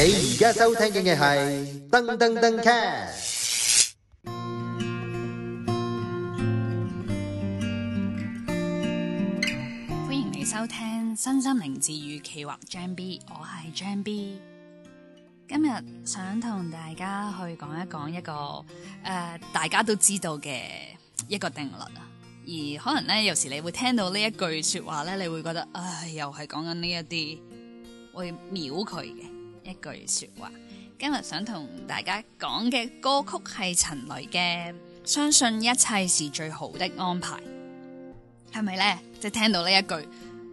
你而家收聽嘅係噔噔噔 cast，歡迎你收聽《身心靈治愈企劃》Jam B，我係 Jam B，今日想同大家去講一講一個誒、呃、大家都知道嘅一個定律啊，而可能咧有時你會聽到呢一句說話咧，你會覺得唉，又係講緊呢一啲會秒佢嘅。一句說話，今日想同大家講嘅歌曲係陳雷嘅《相信一切是最好的安排》，係咪呢？即係聽到呢一句，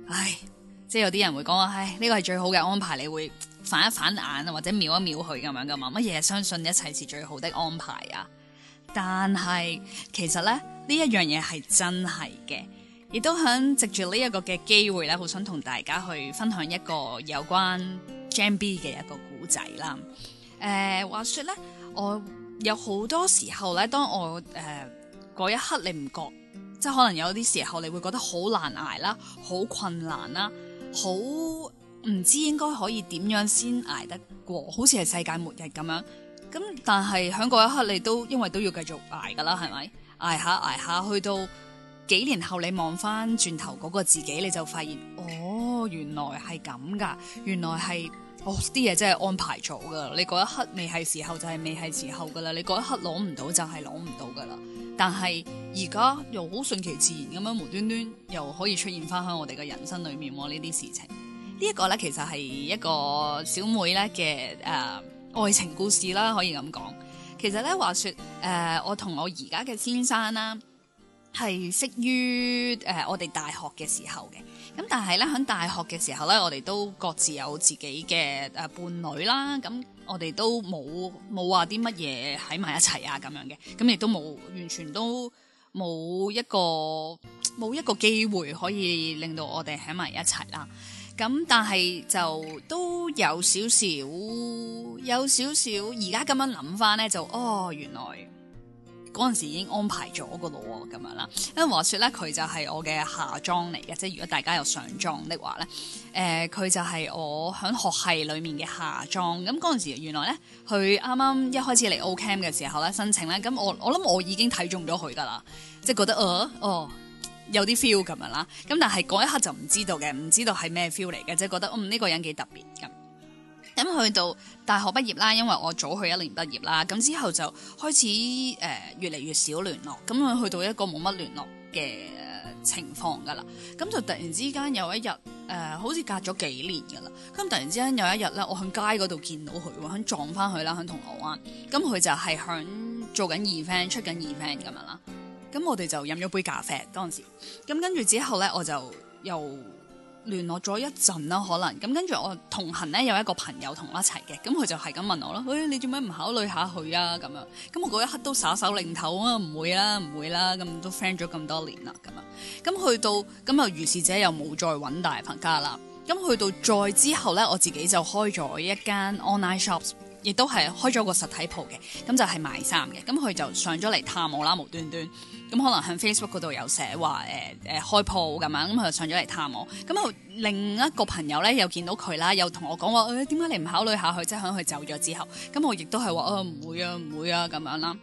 唉，即係有啲人會講啊，唉，呢個係最好嘅安排，你會反一反眼或者瞄一瞄佢咁樣噶嘛？乜嘢係相信一切是最好的安排啊？但係其實咧呢一樣嘢係真係嘅，亦都肯藉住呢一個嘅機會呢好想同大家去分享一個有關。Jam B 嘅一個故仔啦，誒、呃、話説咧，我有好多時候咧，當我誒嗰、呃、一刻你唔覺，即係可能有啲時候你會覺得好難捱啦，好困難啦，好唔知應該可以點樣先捱得過，好似係世界末日咁樣。咁但係喺嗰一刻你都因為都要繼續捱噶啦，係咪？捱下捱下去到幾年後，你望返轉頭嗰個自己，你就發現哦，原來係咁噶，原來係。哦，啲嘢真係安排咗噶，你嗰一刻未係時候就係未係時候噶啦，你嗰一刻攞唔到就係攞唔到噶啦。但係而家又好順其自然咁樣無端端又可以出現翻喺我哋嘅人生裏面喎呢啲事情。這個、呢一個咧其實係一個小妹咧嘅誒愛情故事啦，可以咁講。其實咧話說誒、呃，我同我而家嘅先生啦。係識於誒、呃、我哋大學嘅時候嘅。咁但係咧喺大學嘅時候咧，我哋都各自有自己嘅誒、呃、伴侶啦，咁我哋都冇冇話啲乜嘢喺埋一齊啊咁樣嘅，咁亦都冇完全都冇一個冇一個機會可以令到我哋喺埋一齊啦，咁但係就都有少少有少少而家咁樣諗翻咧，就哦原來。嗰陣時已經安排咗個咯喎，咁樣啦。因為話說咧，佢就係我嘅下裝嚟嘅，即係如果大家有上裝的話咧，誒、呃、佢就係我喺學系裡面嘅下裝。咁嗰陣時原來咧，佢啱啱一開始嚟 Ocamp 嘅時候咧，申請咧，咁我我諗我已經睇中咗佢噶啦，即係覺得哦哦、呃呃、有啲 feel 咁樣啦。咁但係嗰一刻就唔知道嘅，唔知道係咩 feel 嚟嘅，即係覺得呢、嗯，呢個人幾特別咁。咁去到大學畢業啦，因為我早去一年畢業啦，咁之後就開始誒、呃、越嚟越少聯絡，咁去去到一個冇乜聯絡嘅情況噶啦，咁就突然之間有一日誒、呃，好似隔咗幾年噶啦，咁突然之間有一日咧，我響街嗰度見到佢，響撞翻佢啦，響銅鑼灣，咁佢就係響做緊 event 出緊 event 咁樣啦，咁我哋就飲咗杯咖啡嗰陣時，咁跟住之後咧，我就又。聯絡咗一陣啦，可能咁跟住我同行咧，有一個朋友同我一齊嘅，咁佢就係咁問我啦：哎，誒你做咩唔考慮下佢啊？咁樣，咁我嗰一刻都耍手擰頭啊，唔會啊，唔會啦，咁都 friend 咗咁多年啦，咁啊，咁去到咁又於是者又冇再揾大朋友啦，咁去到再之後咧，我自己就開咗一間 online shops。亦都係開咗個實體鋪嘅，咁就係賣衫嘅。咁佢就上咗嚟探我啦，無端端。咁可能喺 Facebook 嗰度有寫話誒誒開鋪咁樣，咁佢就上咗嚟探我。咁啊，另一個朋友咧又見到佢啦，又同我講話誒，點解你唔考慮下佢？即係響佢走咗之後，咁我亦都係話唔會啊，唔會啊咁樣啦。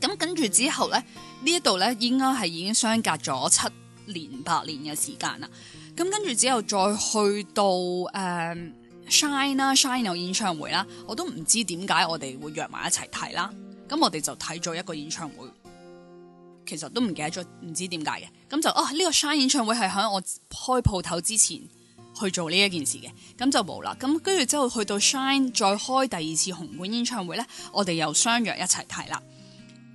咁跟住之後咧，呢一度咧應該係已經相隔咗七年八年嘅時間啦。咁跟住之後再去到誒。呃 shine 啦 shine 有演唱會啦，我都唔知點解我哋會約埋一齊睇啦。咁我哋就睇咗一個演唱會，其實都唔記得咗，唔知點解嘅。咁就哦，呢個 shine 演唱會係喺我開鋪頭之前去做呢一件事嘅，咁就冇啦。咁跟住之後去到 shine 再開第二次紅館演唱會咧，我哋又相約一齊睇啦。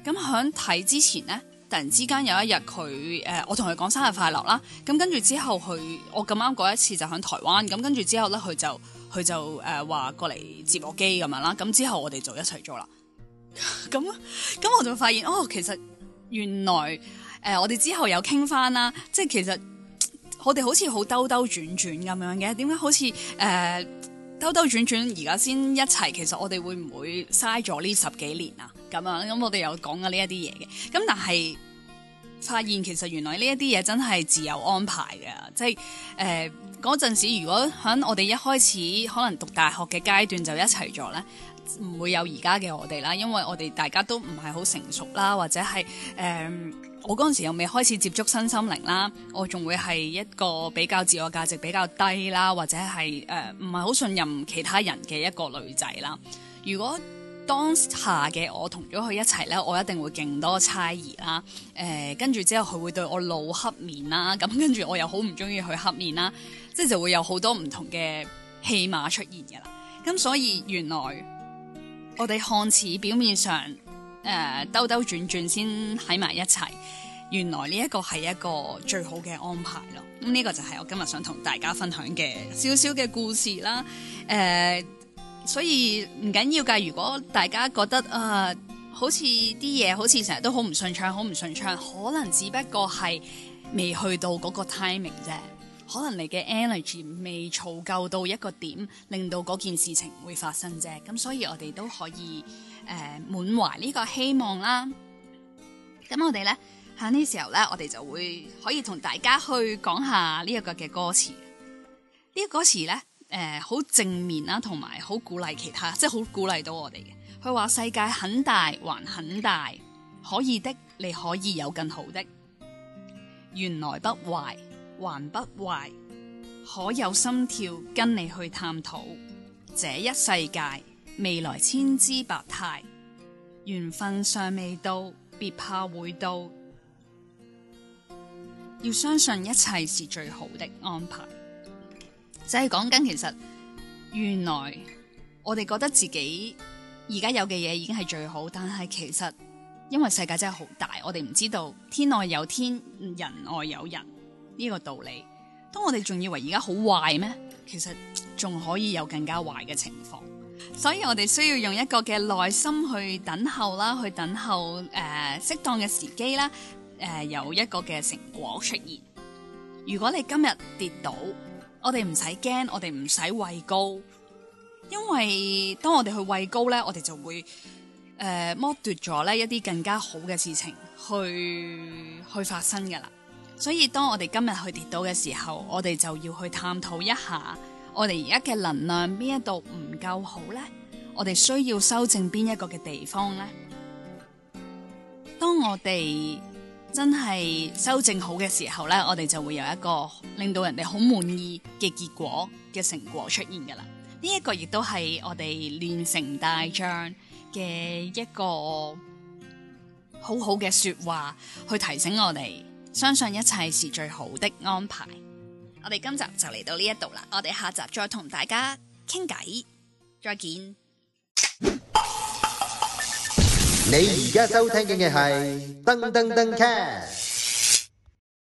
咁喺睇之前咧，突然之間有一日佢誒，我同佢講生日快樂啦。咁跟住之後佢，我咁啱嗰一次就喺台灣，咁跟住之後咧佢就。佢就誒話、呃、過嚟接我機咁樣啦，咁之後我哋就一齊做啦。咁 咁我就發現哦，其實原來誒、呃、我哋之後有傾翻啦，即係其實我哋好似好兜兜轉轉咁樣嘅。點解好似誒、呃、兜兜轉轉而家先一齊？其實我哋會唔會嘥咗呢十幾年啊？咁啊，咁我哋有講緊呢一啲嘢嘅。咁但係發現其實原來呢一啲嘢真係自有安排嘅，即係誒。呃嗰陣時，如果喺我哋一開始可能讀大學嘅階段就一齊咗呢，唔會有而家嘅我哋啦。因為我哋大家都唔係好成熟啦，或者係誒、呃，我嗰陣時又未開始接觸身心靈啦，我仲會係一個比較自我價值比較低啦，或者係誒唔係好信任其他人嘅一個女仔啦。如果當下嘅我同咗佢一齊呢，我一定會勁多猜疑啦。誒、呃，跟住之後佢會對我露黑面啦，咁跟住我又好唔鍾意佢黑面啦。即係就會有好多唔同嘅戲碼出現嘅啦，咁所以原來我哋看似表面上誒、呃、兜兜轉轉先喺埋一齊，原來呢一個係一個最好嘅安排咯。咁呢個就係我今日想同大家分享嘅小小嘅故事啦。誒、呃，所以唔緊要噶，如果大家覺得啊、呃，好似啲嘢好似成日都好唔順暢，好唔順暢，可能只不過係未去到嗰個 timing 啫。可能你嘅 energy 未儲夠到一個點，令到嗰件事情會發生啫。咁所以我哋都可以誒、呃、滿懷呢個希望啦。咁我哋咧喺呢時候咧，我哋就會可以同大家去講下呢一個嘅歌詞。呢、這個歌詞咧，誒，好正面啦，同埋好鼓勵其他，即係好鼓勵到我哋嘅。佢話世界很大，還很大，可以的，你可以有更好的。原來不壞，還不壞，可有心跳跟你去探討這一世界未來千姿百態。緣分尚未到，別怕會到。要相信一切是最好的安排。就係講緊，其實原來我哋覺得自己而家有嘅嘢已經係最好，但係其實因為世界真係好大，我哋唔知道天外有天，人外有人。呢個道理，當我哋仲以為而家好壞咩？其實仲可以有更加壞嘅情況，所以我哋需要用一個嘅耐心去等候啦，去等候誒、呃、適當嘅時機啦，誒、呃、有一個嘅成果出現。如果你今日跌倒，我哋唔使驚，我哋唔使畏高，因為當我哋去畏高咧，我哋就會誒、呃、剝奪咗咧一啲更加好嘅事情去去發生噶啦。所以，當我哋今日去跌倒嘅時候，我哋就要去探討一下，我哋而家嘅能量邊一度唔夠好呢？我哋需要修正邊一個嘅地方呢？當我哋真係修正好嘅時候呢，我哋就會有一個令到人哋好滿意嘅結果嘅成果出現噶啦。呢一個亦都係我哋練成大將嘅一個好好嘅說話，去提醒我哋。相信一切是最好的安排。我哋今集就嚟到呢一度啦，我哋下集再同大家傾偈。再見。你而家收聽緊嘅係噔噔噔 c